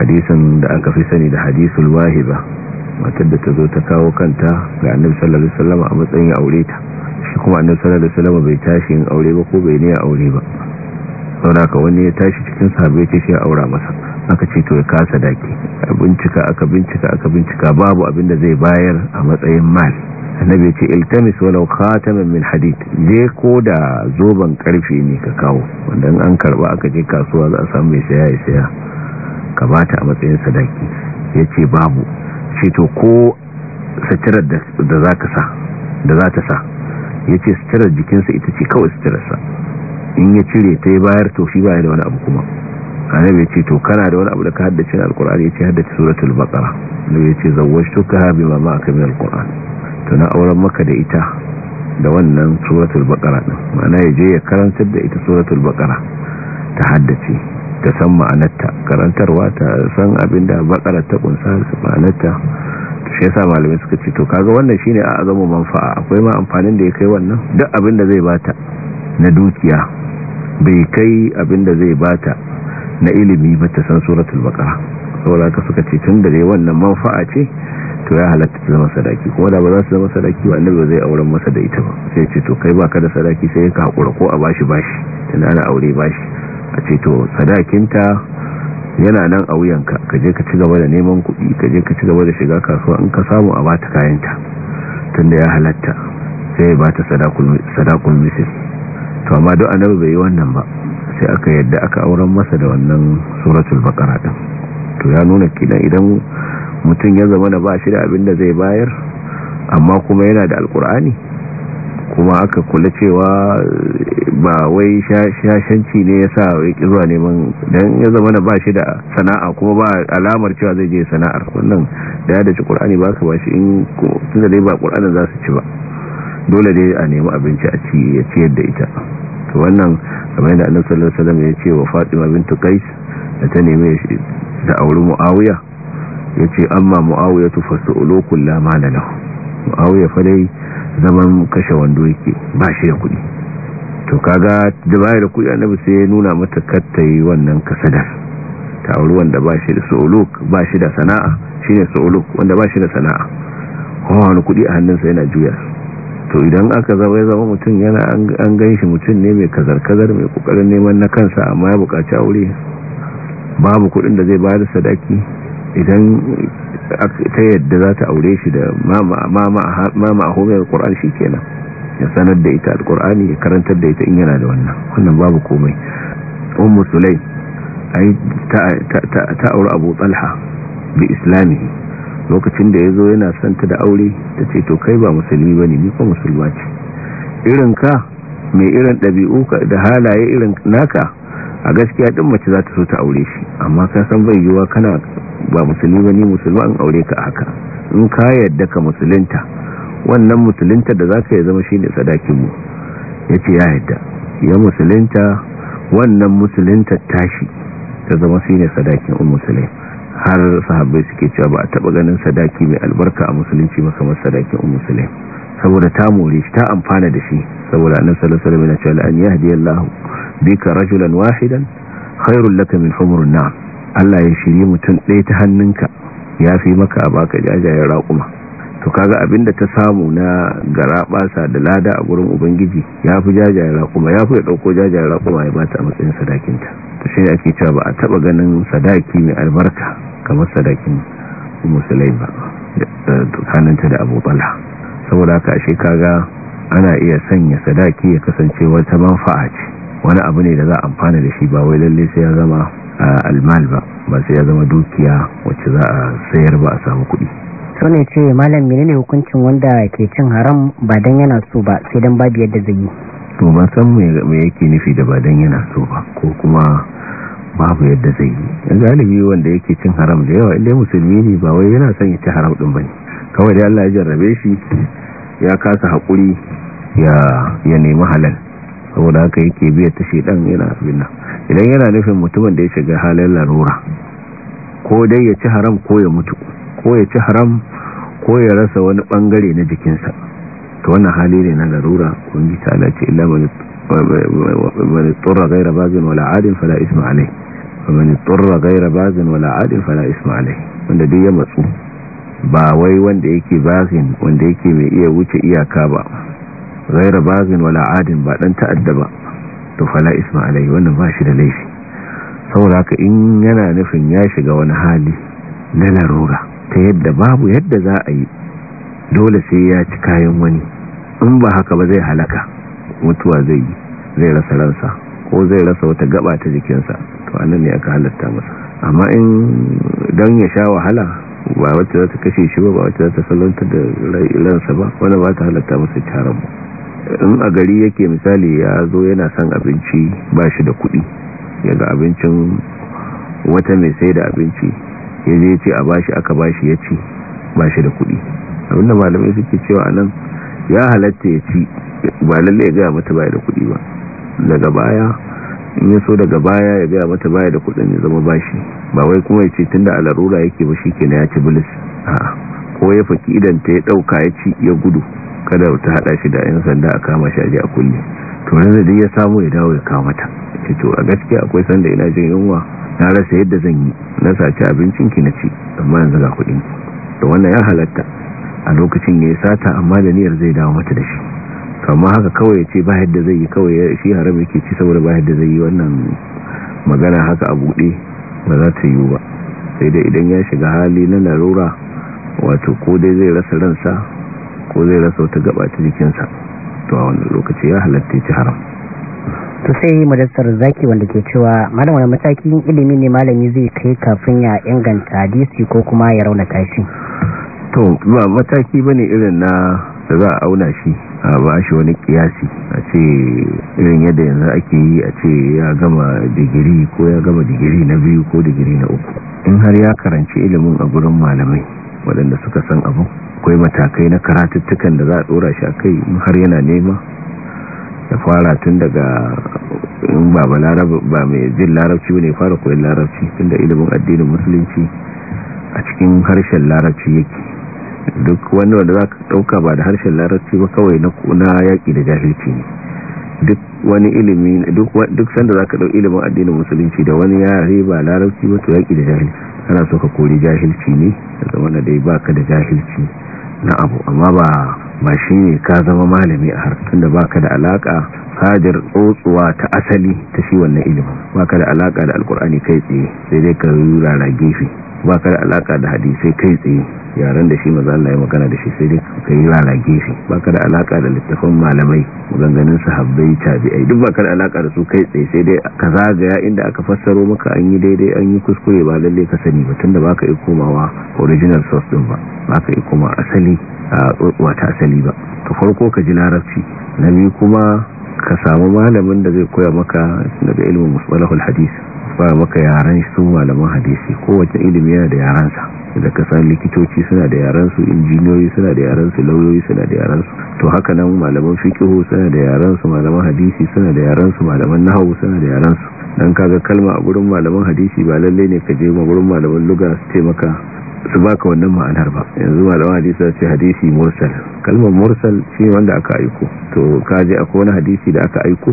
hadisin da aka fi sani da hadisul wahiba matar da ta zo ta kawo kanta ga annabi sallallahu alaihi wasallam a matsayin aure ta shi kuma annabi sallallahu alaihi wasallam bai tashi in aure ba ko bai ne aure ba saboda ka wani ya tashi cikin sahabbai ce shi ya aura masa aka ce to ya kasa daki bincika aka bincika aka bincika babu abin da zai bayar a matsayin mal annabi ce iltamis walau khataman min hadid je ko da zoban karfe ne ka kawo wanda an karba aka je kasuwa za a samu mai saya ya saya ka bata a matsayin sadaki ya ce babu ce to ko sitirar da za ka sa da za ta sa ya ce sitirar jikinsa ita ce kawai sitirarsa in ya cire ta yi bayar to shi baya da wani abu kuma annabi ya ce to kana da wani abu da ka haddace alkur'ani ya ce haddace suratul baqara annabi ya ce zawwajtu ka bi ma a min alkur'an to na auren maka da ita da wannan suratul bakara din ma'ana ya je ya karantar da ita suratul bakara ta haddace ta san ma'anarta karantarwa ta san abin da bakara ta kunsa ma'anarta shi yasa malamai suka ce to kaga wannan shine a azamu manfa'a akwai ma amfanin da ya kai wannan duk abin da zai bata na dukiya bai kai abin da zai bata na ilimi ba ta san suratul baqara saboda ka suka ce tun da dai wannan manfa'a ce to ya halatta ta zama sadaki kuma da ba za su zama sadaki ba annabi zai auren masa da ita ba sai ce to kai baka da sadaki sai ka hakura ko a bashi bashi tunanin aure bashi a ce to sadakinta yana nan a wuyanka ka je ka ci gaba da neman kuɗi ka je ka ci gaba da shiga kasuwa in ka samu a bata kayanta tunda ya halatta sai ya bata sadakun misil to amma duk annabi bai yi wannan ba sai aka yadda aka auren masa da wannan suratul bakara din to ya nuna kina idan mutum ya zama da ba shi da abin da zai bayar amma kuma yana da alkur'ani kuma aka kula cewa eh, ba wai shashanci ne ya sa ya zuwa neman don ya zama da ba shi da sana'a kuma ba alamar cewa zai je sana'ar wannan da ya da ci ƙur'ani ba ka ba shi in tunda dai ba ƙur'anin za su ci ba dole dai a nemi abinci a ci ya ciyar da ita to wannan kamar yadda annabi sallallahu ya ce wa Fatima bintu Qais da ta nemi da auri Muawiya yace amma Muawiya fa fasu kullu ma lahu Muawiya fa dai zaman kashe wando yake ba shi da kuɗi to kaga da baya da kuɗi annabi sai ya nuna mata kattai yi wannan kasadar ta wuri wanda ba shi da suluk ba shi da sana'a shine suluk wanda ba shi da sana'a kuma wani kuɗi a hannunsa yana juya to idan aka zama ya zama mutum yana an gan shi mutum ne mai kazar-kazar mai kokarin neman na kansa amma ya buƙaci aure babu kuɗin da zai bayar sadaki idan ta yadda za ta aure shi da mama a homiyar ƙur'an shi kenan ya sanar da ita alƙur'ani ya karantar da ita in yana da wannan wannan babu komai ummu musulai ta aure abu tsalha bi islami lokacin da ya zo yana santa da aure ta ce to kai ba musulmi ba ne ni ko musulma ce irin ka mai irin ɗabi'u da halaye irin naka a gaskiya ɗin mace za ta so ta aure shi amma ka san bai yiwuwa kana ba musulmi ba ni musulma an aure ka haka in ka yadda ka musulinta wannan musulunta da za ka yi zama shi ne sadakinmu ya ce ya yadda ya musulunta wannan musulunta tashi ta zama shi ne sadakin un musulun har sahabbai suke cewa ba a taɓa ganin sadaki mai albarka a musulunci ba kamar sadakin un musulun saboda ta more shi ta amfana da shi saboda annabi sallallahu alaihi wasallam ya ce an yahdiyallahu bika rajulan wahidan khairul laka min humrun na'am Allah ya shiri mutum ɗaya ta hannunka ya fi maka a baka jajayen raƙuma to kaga da ta samu na garaɓasa da lada a gurin ubangiji ya fi jajayen raƙuma ya fi ya ɗauko jajayen raƙuma ya bata a matsayin sadakinta Ta shi ake cewa ba a taɓa ganin sadaki mai albarka kamar sadakin musulai ba da tsakaninta da abu bala saboda haka ashe kaga ana iya sanya sadaki ya kasance wata manfa'a ce wani abu ne da za a amfana da shi ba wai lallai sai ya zama A almal ba ba sai ya zama dukiya wacce za a sayar ba a samu kuɗi
so ne ce malam mene ne hukuncin wanda ke cin haram ba dan yana so ba sai dan babu yadda zai yi
to ba san me yake nufi da ba dan yana so ba ko kuma babu yadda zai yi galibi wanda yake cin haram da yawa inda musulmi ne ba wai yana son ya ci haram din bane kawai dai Allah ya jarrabe shi ya kasa hakuri ya ya nemi halal saboda haka yake biya ta shedan yana abin nan idan yana nufin mutumin da ya shiga halin larura ko dai ya ci haram ko ya mutu ko ya ci haram ko ya rasa wani bangare na jikinsa to wannan hali ne na larura ji tala ce illa man turra ghayra bazin wala adin fala isma alai man turra ghayra bazin wala adin fala isma alai wanda duk ya matsu ba wai wanda yake bazin wanda yake mai iya wuce iyaka ba ghaira bagin wala adin ba dan ta'adda ba to fala isma alai wannan ba shi da laifi saboda haka in yana nufin ya shiga wani hali na larura ta yadda babu yadda za a yi dole sai ya ci kayan wani in ba haka ba zai halaka mutuwa zai yi zai rasa ransa ko zai rasa wata gaba ta jikinsa to annan ne aka halatta masa amma in don ya sha wahala ba wacce za ta kashe shi ba ba wacce za ta salwantar da ransa ba wanda ba ta halatta masa caran in a gari yake misali ya zo yana son abinci ba shi da kuɗi yaga abincin wata mai sai da abinci ya zai ce a bashi aka ba shi ya ci ba shi da kuɗi abinda malamai suke cewa a nan ya halatta ya ci ba lalle ya gaya mata baya da kuɗi ba daga baya in ya so daga baya ya gaya mata baya da kuɗin ya zama bashi ba wai kuma ya ce tun da alarura yake ba shi ke na ya ci bilis ko ya faki idan ta ya ɗauka ya ci ya gudu kada ta hada shi da yan sanda a kama shi aje a kulle to yanzu da ya samu ya dawo ya kama ta to a gaskiya akwai sanda ina jin yunwa na rasa yadda zan yi na saci abincin ki na ci amma yanzu ga kuɗin to wannan ya halatta a lokacin ya sata amma da niyyar zai dawo mata da shi kamar haka kawai ya ce ba yadda zai yi kawai shi haram yake ci saboda ba yadda zai yi wannan magana haka a buɗe ba za ta yiwu ba sai dai idan ya shiga hali na larura wato ko dai zai rasa ransa ko zai rasa wata gaba ta jikinsa to a wannan lokaci ya halatta ci haram
to sai zaki wanda ke cewa malam wani matakin ilimi ne malami zai kai kafin ya inganta hadisi ko kuma ya rauna kashi.
to ba mataki bane irin na da za a auna shi a ba shi wani kiyasi a ce irin yadda yanzu ake yi a ce ya gama digiri ko ya gama digiri na biyu ko digiri na uku in har ya karanci ilimin a gurin malamai waɗanda suka san abu akwai matakai na karatuttukan da za a ɗora shi a kai har yana nema da fara tun daga in ba ba mai jin larabci ne fara koyon larabci tun da ilimin addinin musulunci a cikin harshen larabci yake duk wanda wanda za ka ɗauka ba da harshen larabci ba kawai na yaƙi da jahilci ne duk wani ilimi duk sanda zaka dau ilimin addinin musulunci da wani yare ba larabci ba to yaki da jahilci kana so ka kori jahilci ne da zamana dai ba ka da jahilci na abu amma ba ba shine ka zama malami a harkar tunda baka da alaka hajar tsotsuwa ta asali ta shi wannan ilimin baka da alaka da alkur'ani kai tsaye sai dai ka rura gefe ba ka da alaka da hadisai kai tsaye yaren da shi maza ya magana da shi sai dai ka yi lalage shi ba ka da alaka da littafin malamai maganganun sahabbai tabi'ai duk ba ka da alaka da su kai tsaye sai dai ka zagaya inda aka fassaro maka an yi daidai an yi kuskure ba lalle ka sani ba tunda ba ka yi komawa original source din ba ba ka yi koma asali a wata asali ba ka farko ka ji larabci na biyu kuma ka samu malamin da zai koya maka daga ilimin musbalahul hadisi ba maka yaran su malaman hadisi kowace ilimi yana da yaransa da san likitoci suna da yaransu injiniyoyi suna da yaransu lauyoyi suna da yaransu to haka nan malaman fikihu suna da yaransu malaman hadisi suna da yaransu malaman nahawu suna da yaransu dan kaga kalma a gurin malaman hadisi ba lalle ne ka je ma gurin malaman lugha su taimaka su baka wannan ma'anar ba yanzu malaman hadisi ce hadisi mursal kalmar mursal shi wanda aka aiko to je a wani hadisi da aka aiko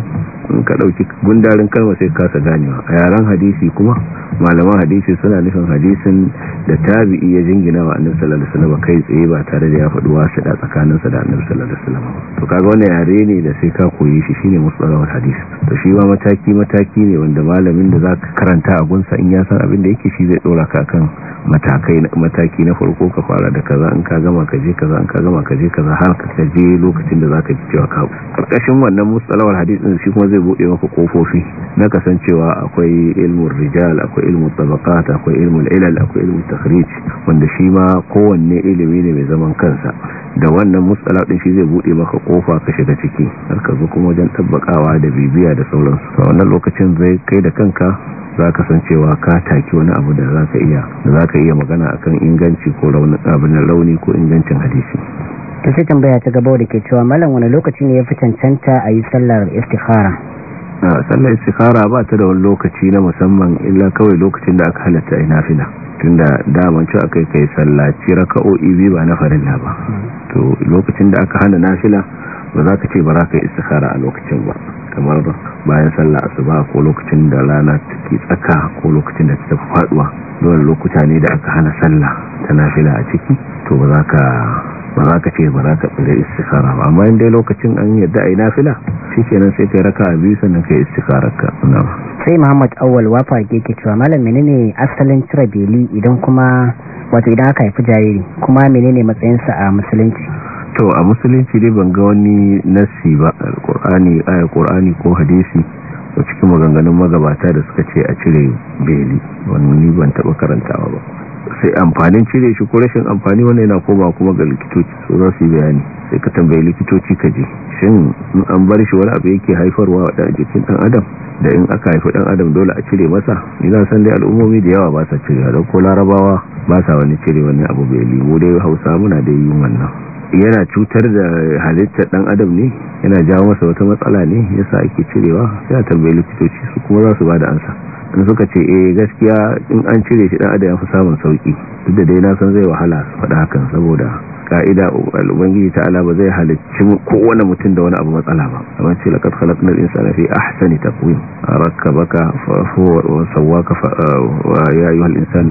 in ka dauki gundarin kalmar sai kasa ganewa a yaren hadisi kuma malaman hadisi suna nufin hadisin da tabi'i ya jingina wa annabi sallallahu alaihi wasallam kai tsaye ba tare da ya faɗi wasu da tsakanin sa da annabi sallallahu alaihi wasallam to kaga wannan yare ne da sai ka koyi shi shine mustalahul hadisi. to shi ma mataki mataki ne wanda malamin da za ka karanta a gunsa in ya san abin da yake shi zai dora kakan kan matakai mataki na farko ka fara da kaza in ka gama ka kaza in ka gama ka kaza har ka je lokacin da zaka ji cewa ka karkashin wannan mustalawar hadisi shi kuma zai bude maka kofofi na kasancewa akwai ilmu rijal akwai ilmu tabaqat akwai ilmu ilal akwai ilmu takhrij wanda shi ma kowanne ilimi ne mai zaman kansa da wannan musala din shi zai bude maka kofa ka shiga ciki har ka zo kuma wajen tabbakawa da bibiya da sauransu a wannan lokacin zai kai da kanka za ka san cewa ka taki wani abu da za ka iya magana a kan inganci ko raunin rauni ko ingancin hadisi
to sai tambaya ta gaba da ke cewa malam wani lokaci ne ya fi cancanta a yi sallar istikhara
sallar istikhara ba ta da wani lokaci na musamman illa kawai lokacin da aka halatta a nafila tunda daman cewa kai kai sallaci raka'o'i biyu ba na farilla ba hmm. to lokacin da aka hana nafila ba za ka ce ba za ka yi istikhara a lokacin ba kamar bayan sallah asuba ko lokacin da rana take tsaka ko lokacin da take faduwa dole lokuta ne da aka hana sallah ta nafila a ciki to ba za ka ba za ce ba za ka tsira istikhara ba amma in dai lokacin an yadda a yi nafila shikenan sai kai raka a biyu sannan kai istikharar ka
sai muhammad awal wafa ke ke cewa malam menene asalin cire beli idan kuma wato idan aka haifi jariri kuma menene matsayinsa a musulunci
to a musulunci dai ban ga wani nassi ba alkur'ani ayar qur'ani ko hadisi a cikin maganganun magabata da suka ce a cire beli wannan ni ban taba karantawa ba sai amfanin cire shi ko rashin amfani wannan yana koma kuma ga likitoci su za su yi bayani sai ka tambayi likitoci ka je shin in an bar shi wani abu yake haifarwa da jikin dan adam da in aka haifi dan adam dole a cire masa ina san dai al'ummomi da yawa ba sa cirewa don ko larabawa ba sa wani cire wani abu bai mu dai hausa muna da yin wannan yana cutar da halittar dan adam ne yana jawo masa wata matsala ne yasa ake cirewa sai a tambayi likitoci su kuma za su ba da ansa da suka ce eh gaskiya in an cire shi dan adam ya fi samun sauki duk da dai na san zai wahala faɗa hakan saboda ka'ida ubangiji ta ala ba zai halicci kowane mutum da wani abu matsala ba amma ce laqad khalaqnal insana fi ahsani taqwim rakkabaka fa huwa sawwaka fa ya ayyuhal insan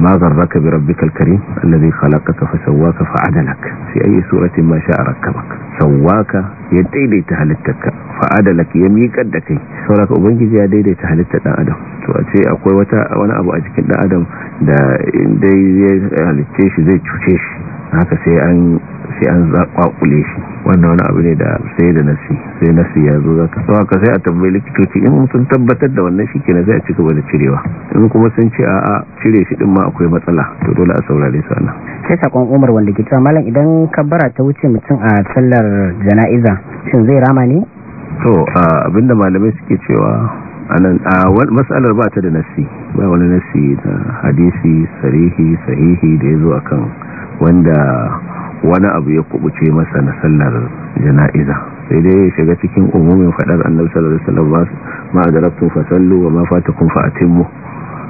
ما ذرك بربك الكريم الذي خلقك فسواك فعدلك في أي سورة ما شاء ركبك سواك يديدي تهلتك فعدلك يمي أدك سورة أبنجي يديدي تهلت دا أدم تؤتي أقوى وانا أبو أجك دا أدم دا إن دي زي تشوشيش haka sai an sai an zakwakule shi wannan wani abu ne da sai da nasi sai nasi ya zo zaka to haka sai a tambayi likitoci in sun tabbatar da wannan shi kenan sai a cigaba da cirewa in kuma sun ce a'a cire shi din ma akwai matsala to dole a saurare
su ana sai sakon Umar wanda ke cewa mallam idan kabbara ta wuce mutum a sallar jana'iza shin zai rama ne to abinda malamai suke cewa
anan a matsalar ba ta da nasi ba wani nasi da hadisi sarihi sahihi da ya zo a kan. wanda wani abu ya kubuce masa na sallar jana'iza sai dai ya shiga cikin umumin fadar annabi sallallahu alaihi wasallam ma adarabtum fasallu wa ma fatakum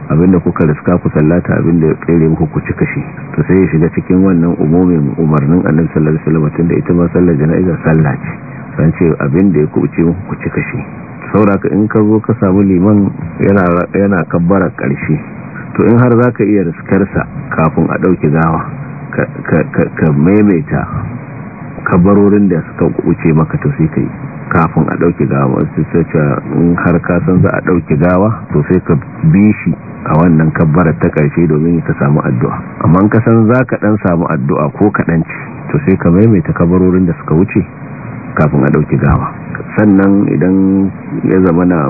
abinda kuka riska ku sallata abinda ya tsere muku ku cika shi to sai ya shiga cikin wannan umumin umarnin annabi sallallahu alaihi wasallam tunda ita ma sallar jana'iza sallah ce san ce abinda ya kubuce muku ku cika shi sauraka in ka zo ka samu liman yana yana kabbara karshe to in har zaka iya riskarsa kafin a dauki gawa ka maimaita kabarorin da suka wuce maka to sai kai kafin a ɗauki gawa su cewa in har kasan za a ɗauki gawa to sai ka bi shi a wannan kabbarar ta ƙarshe domin ka samu addu'a amma ka san za ka ɗan samu addu'a ko kaɗan to sai ka maimaita kabarorin da suka wuce kafin a ɗauki gawa sannan idan ya zama na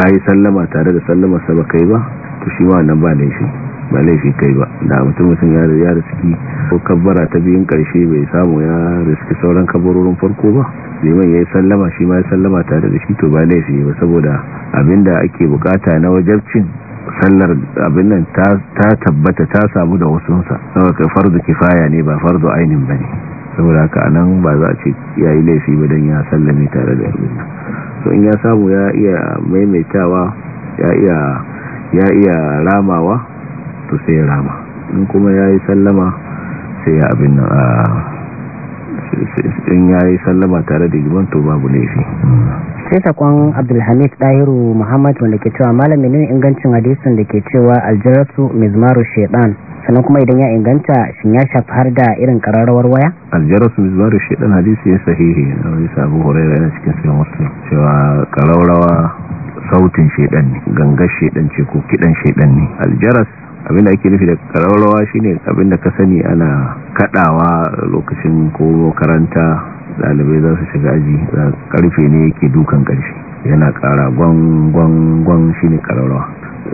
kayi sallama tare da sallama sa ba kai ba to shi ma wannan ba laifi ba laifi kai ba da mutum mutum ya riski ko kabbara ta biyun karshe bai samu ya riski sauran kabarorin farko ba liman ya yi sallama shi ma ya sallama tare da shi to ba laifi ba saboda abinda ake bukata na wajabcin sallar abin nan ta tabbata ta samu da wasunsa saboda farzu kifaya ne ba farzu ainin ba ne saboda haka nan ba za a ce ya yi laifi ba don ya sallame tare da abin nan so in ya samu ya iya maimaitawa ya iya ramawa to sai rama in kuma ya yi sallama sai ya abin ah, in ya yi sallama tare da giban to babu laifi
sai sakon abdulhamid ɗahiru muhammad wanda ke cewa malamin ne ingancin hadisin da ke cewa aljiratu mizmaru shaidan sannan kuma idan ya inganta shin ya shafi har da irin kararrawar waya
aljiratu mizmaru shaidan hadisi ya sahihi na wani sabu horaira yana cikin sai muslim cewa kararrawa sautin shaidan ne gangar shaidan ce ko kidan shaiɗan ne aljaras abinda ake nufi da kararrawa shine abinda ka sani ana kadawa lokacin ko karanta dalibai za su shiga aji karfe ne yake dukan karfe yana kara gwangwangwan shine kararrawa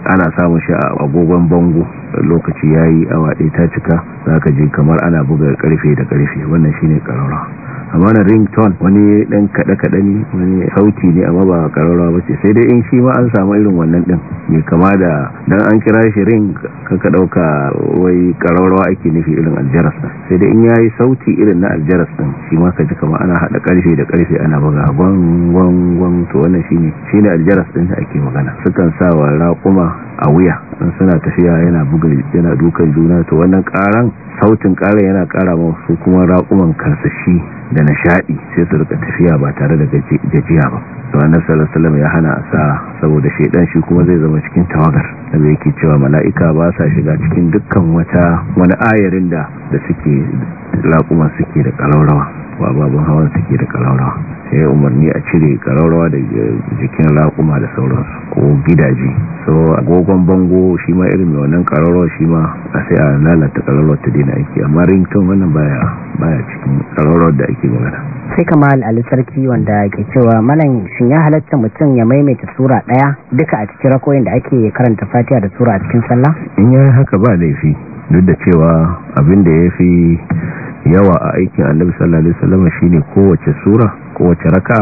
ana samun shi a agogon bango lokaci ya yi awa ɗaya ta cika za ka ji kamar ana buga karfe da karfe wannan shi ne ƙararra amma na rington wani ɗan kaɗe-kaɗe ne wani sauti ne amma ba ƙararra ba ce sai dai in shi ma an samu irin wannan ɗin mai kama da dan an kira shi ring kanka ɗauka wai karara ake nufi irin aljaras ɗin sai dai in ya yi sauti irin na aljaras ɗin shi ma ka ji kama ana haɗa ƙarfe da ƙarfe ana buga gwangwangwang to wannan shi ne aljaras ɗin da ake magana sukan sa wa kuma a wuya in suna tafiya yana buga yana dukan juna to wannan karan sautin karan yana kara ma su kuma raƙuman karsashi da nishaɗi sai su rika tafiya ba tare da gajiya ba to annabi sallallahu alaihi ya hana a sa saboda shedan shi kuma zai zama cikin tawagar da yake cewa mala'ika ba sa shiga cikin dukkan wata wani ayarin da suke laƙuma suke da kalaurawa ko babban hawan suke da kalaurawa sai umarni a cire kalaurawa da jikin laƙuma da sauransu ko gidaje so agogon bango shi ma irin wannan kalaurawa shi ma a sai a lalata kalaurawa ta daina aiki amma rington wannan baya baya cikin kalaurawa da ake magana
sai kamal ali sarki wanda ke cewa manan shin ya halatta mutum ya maimaita sura ɗaya duka a cikin rakoyin da ake karanta fatiha da sura a cikin sallah
in ya haka ba laifi duk da cewa abin da ya fi yawa a aikin annabi sallallahu alaihi wasallam shine kowace sura kowace raka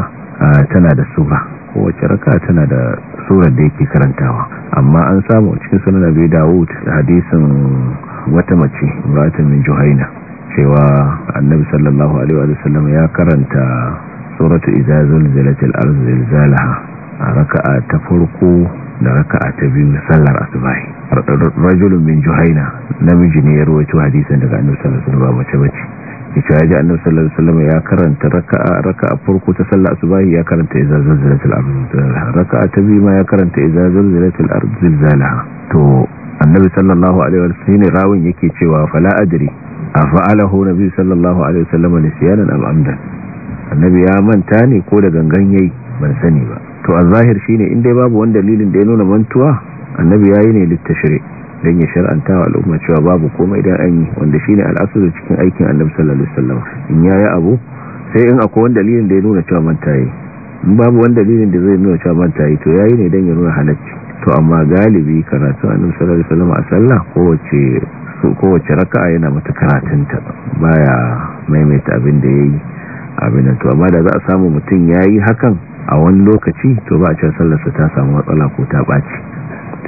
tana da sura kowace raka tana da surar da yake karantawa amma an samu cikin sunan abi dawud hadisin wata mace wata min juhaina cewa annabi sallallahu alaihi wasallam ya karanta suratu idza zulzilatil ardu zilzalaha a raka'a ta farko da raka'a ta biyu sallar asubahi rajulun min juhaina namiji ne ya rawaito hadisan daga annabi sallallahu alaihi wasallam mace bace yace ya ji annabi sallallahu alaihi wasallam ya karanta raka'a raka'a farko ta sallar asubahi ya karanta idza zalzalatil ard raka'a ta biyu ma ya karanta idza zalzalatil ard zilzalaha to annabi sallallahu alaihi wasallam ne rawin yake cewa fala adri afa'alahu nabi sallallahu alaihi wasallam nisyanan am amdan annabi ya manta ne ko da gangan yayi ban sani ba to a zahir shine in dai babu wani dalilin da ya nuna mantuwa annabi yayi ne littashire dan ya shar'anta wa al'umma cewa babu komai dan an yi wanda shine al'asr cikin aikin annabi sallallahu alaihi wasallam in yayi abu sai in akwai wani dalilin da ya nuna cewa manta yi in babu wani dalilin da zai nuna cewa manta yi to yayi ne dan ya nuna halacci to amma galibi karatu annabi sallallahu alaihi wasallam a sallah kowace wace raka'a yana mata karatunta baya maimaita abin da yayi abin da to amma da za a samu mutum yayi hakan a wani lokaci to ba a cewa sallarsa ta samu matsala ko ta ɓaci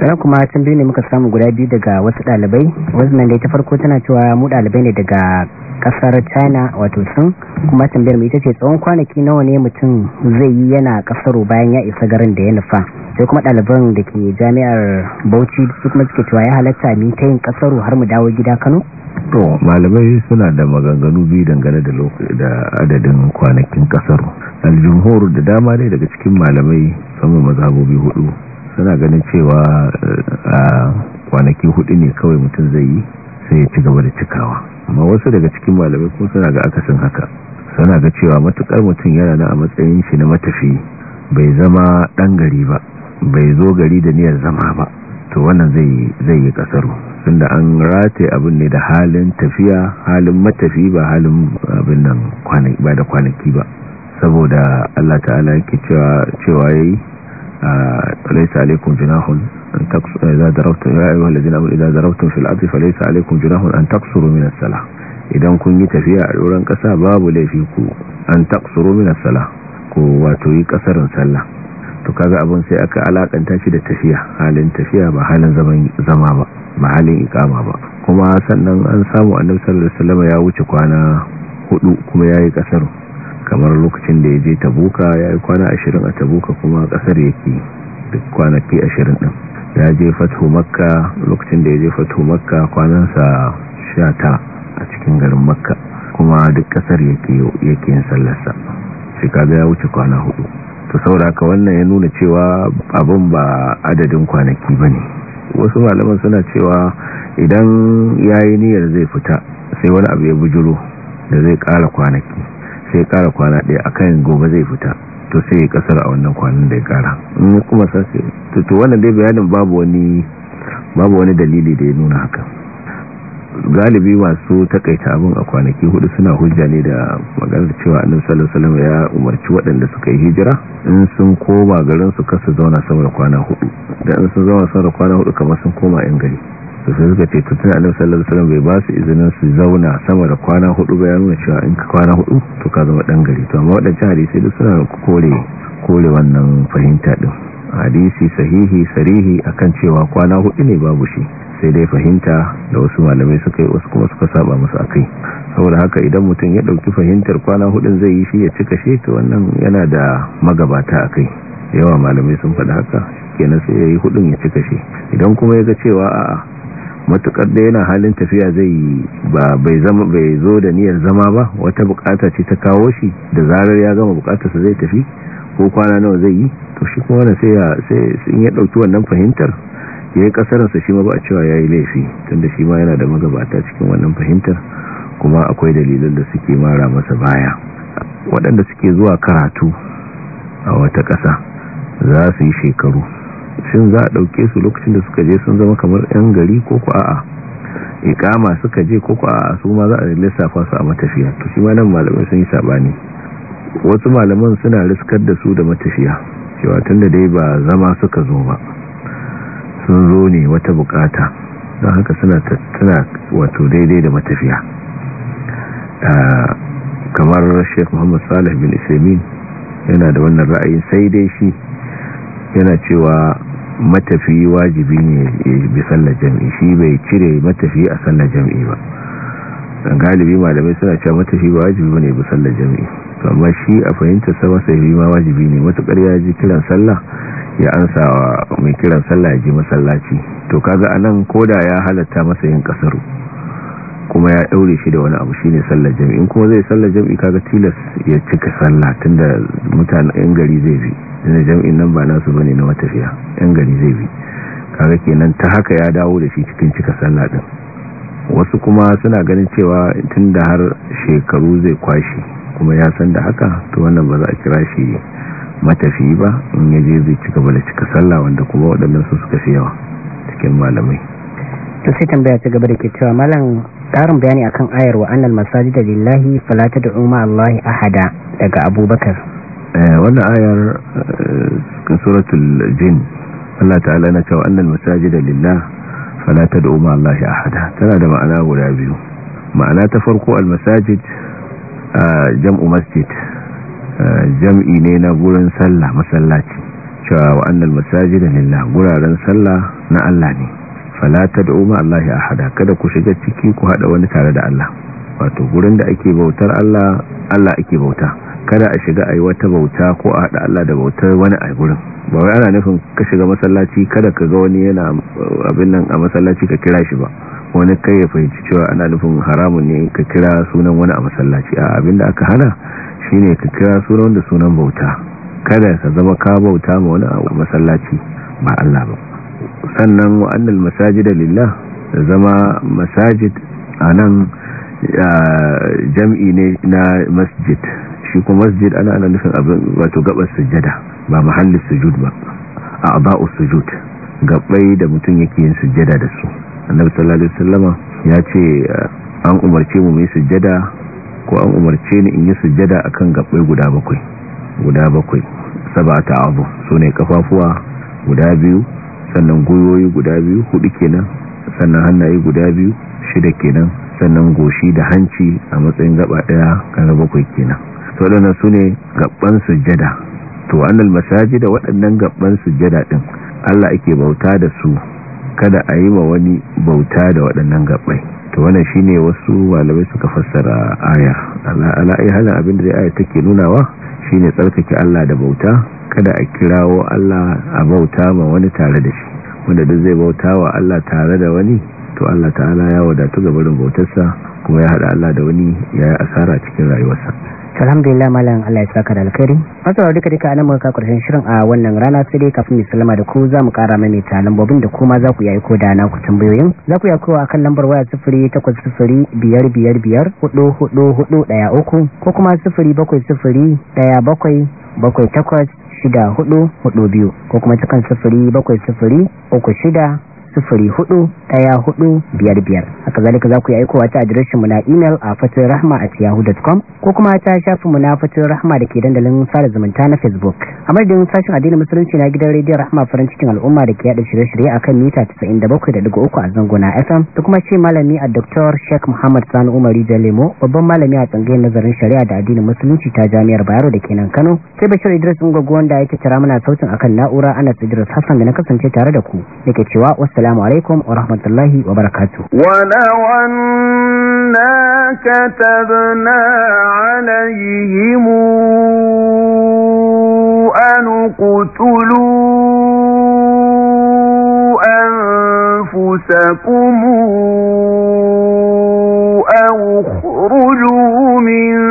tare kuma biyu ne muka samu guda biyu daga wasu ɗalibai wasu nan da ta farko tana cewa mu ɗalibai ne daga ƙasar china wato sun kuma tambayar mu ita ce tsawon kwanaki nawa ne mutum zai yi yana ƙasaru bayan ya isa garin da ya nufa sai kuma ɗaliban da ke jami'ar bauchi su kuma suke cewa ya halatta ni ta yin ƙasaro har mu dawo gida kano to
malamai suna da maganganu biyu dangane da adadin kwanakin ƙasar aljumhur da dama ne daga cikin malamai samu mazhabobi hudu suna ganin cewa eh, a kwanaki hudu ne kawai mutum zai yi sai ya ci gaba da cikawa amma wasu daga cikin malamai kuma suna ga akasin haka suna ga cewa matukar mutum yana na a matsayin shi na matafi bai zama dan gari ba bai zo gari da niyar zama ba to wannan zai yi kasaro tunda an rataye abin ne da halin tafiya halin matafi ba halin abin nan ba da kwanaki ba saboda Allah ta'ala yake cewa cewa yayi ah, laysa alaykum junahun an taqsuru idza darabtu ya ayyuha alladhina amanu idza darabtum fil ardi falaysa alaykum junahun an taksuru min as idan kun yi tafiya a doran kasa babu laifi ku an taksuru min as ko wato yi kasarin sallah to kaga abun sai aka alakanta shi da tafiya halin tafiya ba halin zaman zama ba ba halin ikama ba kuma sannan an samu annabi sallallahu alaihi ya wuce kwana hudu kuma yayi kasarin kamar lokacin da ya je tabuka ya yi kwana ashirin a tabuka kuma kasar yake duk kwanaki ashirin ɗin. ya je fatu makka lokacin da ya je fatu makka kwanansa sha ta a cikin garin makka kuma duk kasar yake yin sallarsa shi kaga ya wuce kwana hudu to sauraka wannan ya nuna cewa abin ba adadin kwanaki ba ne wasu malaman suna cewa idan ya yi niyyar zai fita sai wani abu ya bujuro da zai kara kwanaki sai kara kwana ɗaya akan gobe zai fita to sai ya kasar a wannan kwanan da ya kara kuma sassi to wannan dai bayanin babu wani dalili da ya nuna haka galibi masu takaita abin a kwanaki hudu suna hujja ne da maganar cewa annabi sallallahu ya umarci waɗanda suka yi hijira in sun koma garin su kasa zauna saboda kwana hudu da in sun zauna sama kwana hudu kamar sun koma yan gari to suka ce tutun annabi sallar salam bai ba su izinin su zauna sama da kwana hudu ba ya nuna cewa in ka kwana hudu to ka zama dan gari to amma wadannan hadisi duk suna kore kore wannan fahimta din hadisi sahihi sarihi akan cewa kwana hudu ne babu shi sai dai fahimta da wasu malamai suka yi wasu kuma suka saba masu akai saboda haka idan mutum ya ɗauki fahimtar kwana hudun zai yi shi ya cika shi to wannan yana da magabata akai yawa malamai sun faɗi haka kenan sai ya yi hudun ya cika shi idan kuma ya ga cewa a'a matukar da yana halin tafiya zai ba bai zo da niyyar zama ba wata bukata ce ta kawo shi da zarar ya gama bukatarsa zai tafi ko kwana nawa zai yi to shi kuma wannan sai sai in ya dauki wannan fahimtar yayi kasararsa shi ma ba a cewa yayi laifi tunda shi ma yana da magabata cikin wannan fahimtar kuma akwai dalilan da suke mara masa baya waɗanda suke zuwa karatu a wata ƙasa za su yi shekaru shin za a ɗauke su lokacin da suka je sun zama kamar 'yan gari ko ku a'a ikama suka je ko ku a'a su ma za a lissafa su a matafiya to shi ma nan malamai sun yi saɓani wasu malaman suna riskar da su da matafiya cewa tun da dai ba zama suka zo ba sun zo ne wata bukata don haka suna wato daidai da matafiya kamar shek muhammad salih bin isamin yana da wannan ra'ayin sai dai shi yana cewa matafi wajibi ne ya bi sallar jam'i shi bai cire matafi a sallar jam'i ba galibi malamai suna cewa matafi ba wajibi ya bi sallar jam'i amma shi a fahimta sama sai ma wajibi ne matukar ya ji kiran sallah ya ansa wa mai kiran sallah ya ji masallaci to kaga anan koda ya halatta masa yin kasaru kuma ya daure shi da wani abu shi ne sallar jami'i in kuma zai sallar jami'i kaga tilas ya cika sallah tunda mutanen yan gari zai bi jami'in nan ba nasu bane na matafiya yan gari zai bi kaga kenan ta haka ya dawo da shi cikin cika sallah din wasu kuma suna ganin cewa tunda har shekaru zai kwashi kuma ya san da haka to wannan ba za a kira shi matafi ba in ya je zai cika bala cika sallah wanda kuma waɗannan su suka fi yawa cikin malamai
to sai tambaya ta gaba da ke cewa malam ƙarin bayani akan ayar wa annal masajid lillahi fala tad'u ma allahi ahada daga abubakar
eh, wannan ayar cikin eh, suratul jin Allah ta'ala na cewa annal masajid lillahi fala tad'u ma allahi ahada tana da ma'ana guda biyu ma'ana ta farko al masajid eh, jam'u masjid jam'i ne na gurin sallah masallaci cewa wa annal masajid lillahi guraren sallah na Allah ne fala da ma Allah ya hada kada ku shiga ciki ku hada wani tare da Allah wato gurin da ake bautar Allah Allah ake bauta kada a shiga ayi wata bauta ko a hada Allah da bautar wani a gurin ba wai ana nufin ka shiga masallaci kada ka ga wani yana eh, abin nan a masallaci ka kira shi ba wani kai ya fahimci cewa ana nufin haramun ne ka kira sunan wani a masallaci a abin da aka hana shine ka kira sunan da sunan bauta kada ka zama ka bauta ma wani a masallaci ba Allah ba sannan wa'annan masajida lillah zama masajid a nan jam'i ne na masjid shi kuma masjid ana ana nufin abin wato gabar sujada ba mahallin sujud ba a bau sujud gabai da mutum yake yin sujada da su annabi sallallahu alaihi ya ce an umarce mu mai sujada ko an umarce ni in yi sujada akan gabai guda bakwai guda bakwai abu sune kafafuwa guda biyu sannan goyoyi guda biyu hudu kenan sannan hannaye guda biyu shida kenan sannan goshi da hanci a matsayin gaba daya kaga bakwai kenan to su sune gabban sujjada to annal masajida waɗannan gabban sujjada din Allah ake bauta da su kada a yi wa wani bauta da waɗannan gabbai to wannan shine wasu malamai suka fassara aya Allah ala ai halin abin da aya ke nunawa shine tsarkake Allah da bauta kada a kirawo Allah a bauta ma wani tare da shi wanda duk zai bauta wa Allah tare da wani to Allah ta'ala ya wadatu ga barin bautarsa kuma ya haɗa Allah da wani ya yi asara cikin rayuwarsa
alhamdulillah malam Allah ya saka da alkhairi masu duka duka anan muka karshen shirin a wannan rana sai dai kafin mu sallama da ku za mu ƙara mai ta lambobin da kuma za ku yayi ko da na ku tambayoyin za ku yako kan lambar waya uku ko kuma bakwai bakwai takwas. shida hudu hudu biyu ko kuma cikin sufuri bakwai sifuri uku shida hudu biyar. haka zalika za ku yi aikowa ta mu na imel a fatin rahma at yahoo.com ko kuma ta mu na fatin rahma da ke dandalin sada zumunta na facebook a madadin sashen addinin musulunci na gidan rediyon rahma farin cikin al'umma da ke yada shirye-shirye a kan mita uku a zangona fm da kuma ce malami a dr sheik muhammad sani umari jalemo babban malami a tsangayar nazarin shari'a da addinin musulunci ta jami'ar bayero da kenan kano sai bashir idris ungwagwon da yake tara mana sautin akan na'ura ana hassan da na kasance tare da ku da ke cewa wasu السلام عليكم ورحمة الله وبركاته
ولو أنا كتبنا عليهم أن قتلوا أنفسكم أو اخرجوا من